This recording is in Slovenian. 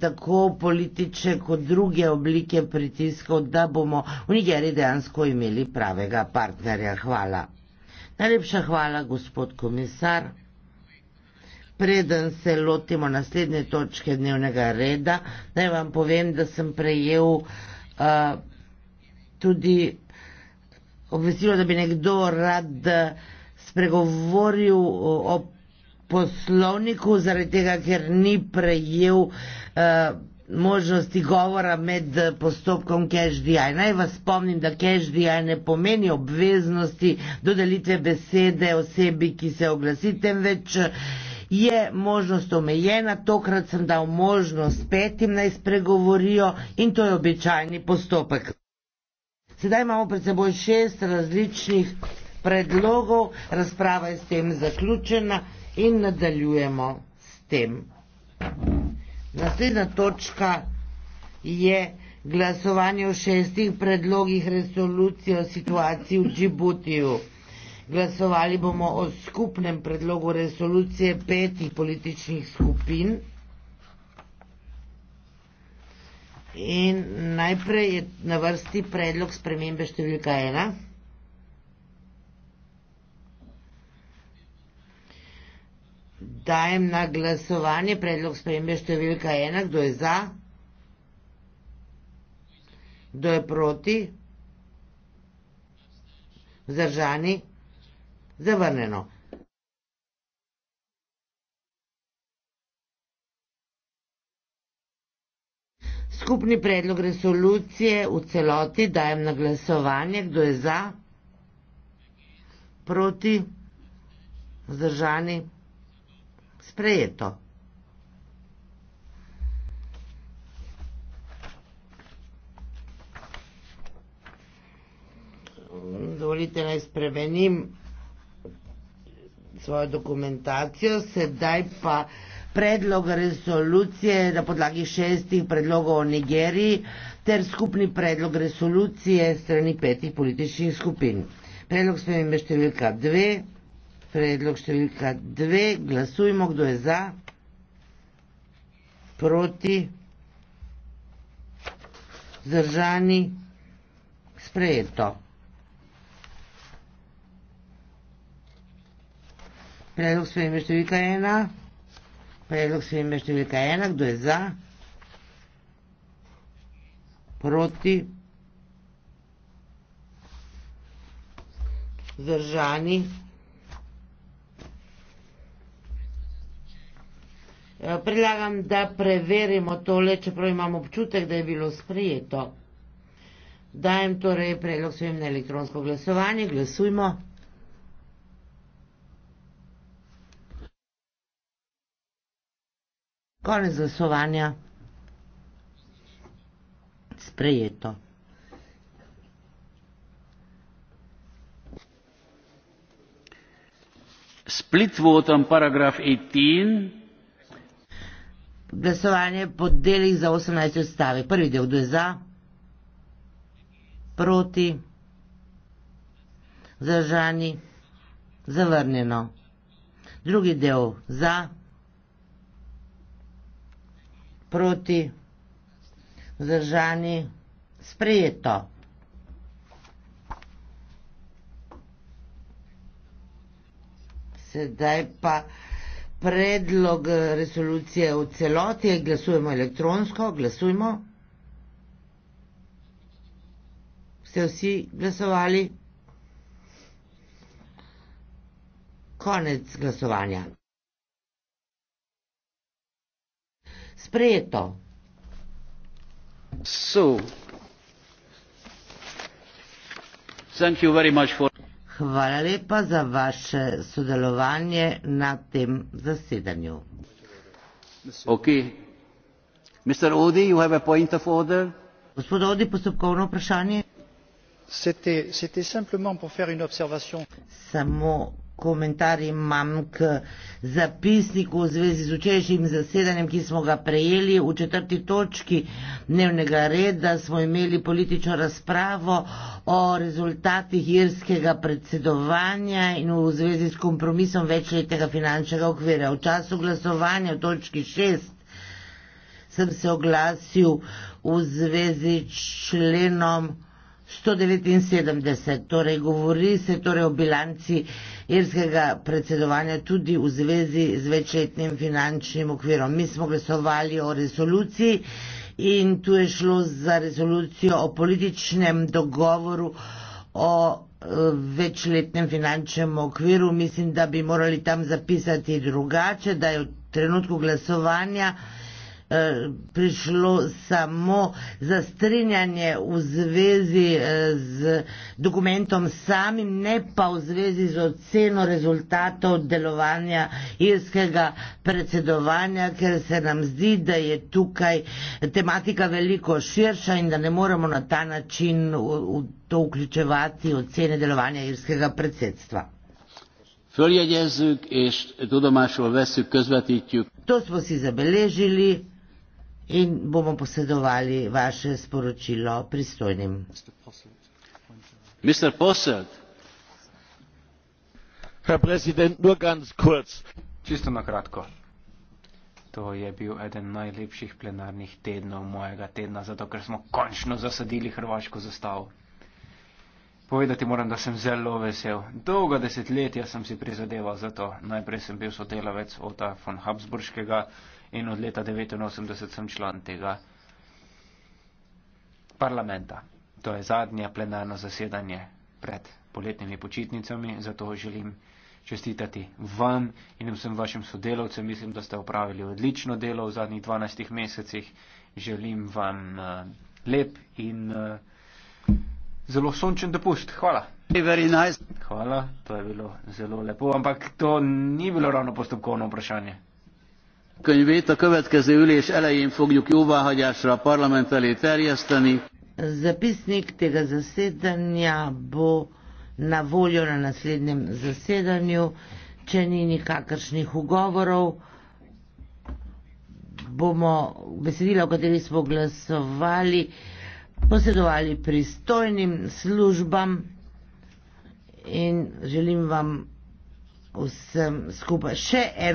tako politične kot druge oblike pritiskov, da bomo v Nigeriji dejansko imeli pravega partnerja. Hvala. Najlepša hvala, gospod komisar. Preden se lotimo naslednje točke dnevnega reda, naj vam povem, da sem prejel uh, tudi obvestilo, da bi nekdo rad spregovoril eh, o poslovniku, zaradi tega, ker ni prejel uh, možnosti govora med postopkom CashDI. Naj vas spomnim, da CashDI ne pomeni obveznosti dodelitve besede osebi, ki se oglasi, temveč je možnost omejena. Tokrat sem dal možnost petim naj spregovorijo in to je običajni postopek. Sedaj imamo pred seboj šest različnih predlogov. Razprava je s tem zaključena in nadaljujemo s tem. Naslednja točka je glasovanje o šestih predlogih resolucije o situaciji v Džibutiju. Glasovali bomo o skupnem predlogu resolucije petih političnih skupin. In najprej je na vrsti predlog spremembe številka ena. dajem na glasovanje predlog spremembe številka ena. Kdo je za? Kdo je proti? Zdržani? Zavrnjeno. Skupni predlog resolucije v celoti dajem na glasovanje. Kdo je za? Proti? Zdržani? Zavrnjeno sprejeto. Dovolite naj spremenim svojo dokumentacijo, sedaj pa predlog resolucije na podlagi šestih predlogov o Nigeriji ter skupni predlog resolucije strani petih političnih skupin. Predlog spremembe številka 2 predlog številka dve, glasujmo, kdo je za, proti, zdržani, sprejeto. Predlog spremembe številka ena, predlog spremembe številka ena, kdo je za, proti, zdržani, sprejeto. Eh, predlagam, da preverimo tole, čeprav imam občutek, da je bilo sprejeto. Dajem torej predlog svojim na elektronsko glasovanje. Glasujmo. Konec glasovanja. Sprejeto. Split votam paragraf 18 glasovanje po delih za 18 odstavek. Prvi del, kdo je za, proti, zažani, zavrnjeno. Drugi del, za, proti, zažani, sprejeto. Sedaj pa predlog resolucije v celoti, glasujemo elektronsko, glasujmo. Ste vsi glasovali? Konec glasovanja. Sprejeto. So. Thank you very much for Hvala lepa za vaše sodelovanje na tem zasedanju. Okay. Mr. Odi, you have a point of order. Gospod Odi, postopkovno vprašanje. C'était simplement pour faire une observation. Samo komentarji imam k zapisniku v zvezi z včerajšnjim zasedanjem, ki smo ga prejeli v četrti točki dnevnega reda. Smo imeli politično razpravo o rezultatih irskega predsedovanja in v zvezi s kompromisom večletnega finančnega okvira. V času glasovanja v točki šest sem se oglasil v zvezi s členom 179. Torej, govori se torej o bilanci irskega predsedovanja tudi v zvezi z večletnim finančnim okvirom. Mi smo glasovali o resoluciji in tu je šlo za resolucijo o političnem dogovoru o e, večletnem finančnem okviru. Mislim, da bi morali tam zapisati drugače, da je v trenutku glasovanja Eh, prišlo samo za strinjanje v zvezi eh, z dokumentom samim, ne pa v zvezi z oceno rezultatov delovanja irskega predsedovanja, ker se nam zdi, da je tukaj tematika veliko širša in da ne moramo na ta način v, v to vključevati ocene delovanja irskega predsedstva. Följegyezzük és tudomásul veszük, közvetítjük. To smo si zabeležili, in bomo posedovali vaše sporočilo pristojnim. Mr. Posselt. Herr Präsident, nur ganz kurz. Čisto na kratko. To je bil eden najlepših plenarnih tednov mojega tedna, zato ker smo končno zasadili hrvaško zastavo. Povedati moram, da sem zelo vesel. Dolga desetletja sem si prizadeval za to. Najprej sem bil sodelavec Ota von Habsburškega, in od leta 1989 sem član tega parlamenta. To je zadnje plenarno zasedanje pred poletnimi počitnicami, zato želim čestitati vam in vsem vašim sodelovcem. Mislim, da ste upravili odlično delo v zadnjih 12 mesecih. Želim vam uh, lep in uh, zelo sončen dopust. Hvala. Hvala, to je bilo zelo lepo, ampak to ni bilo ravno postopkovno vprašanje könyvét a következő ülés elején fogjuk jóváhagyásra a parlament elé terjeszteni. Zapisnik tega zasedanja bo na voljo na naslednjem zasedanju, če ni nikakršnih ugovorov, bomo besedila, o kateri smo glasovali, posedovali pristojnim službam in želim vam vsem skupaj še eno.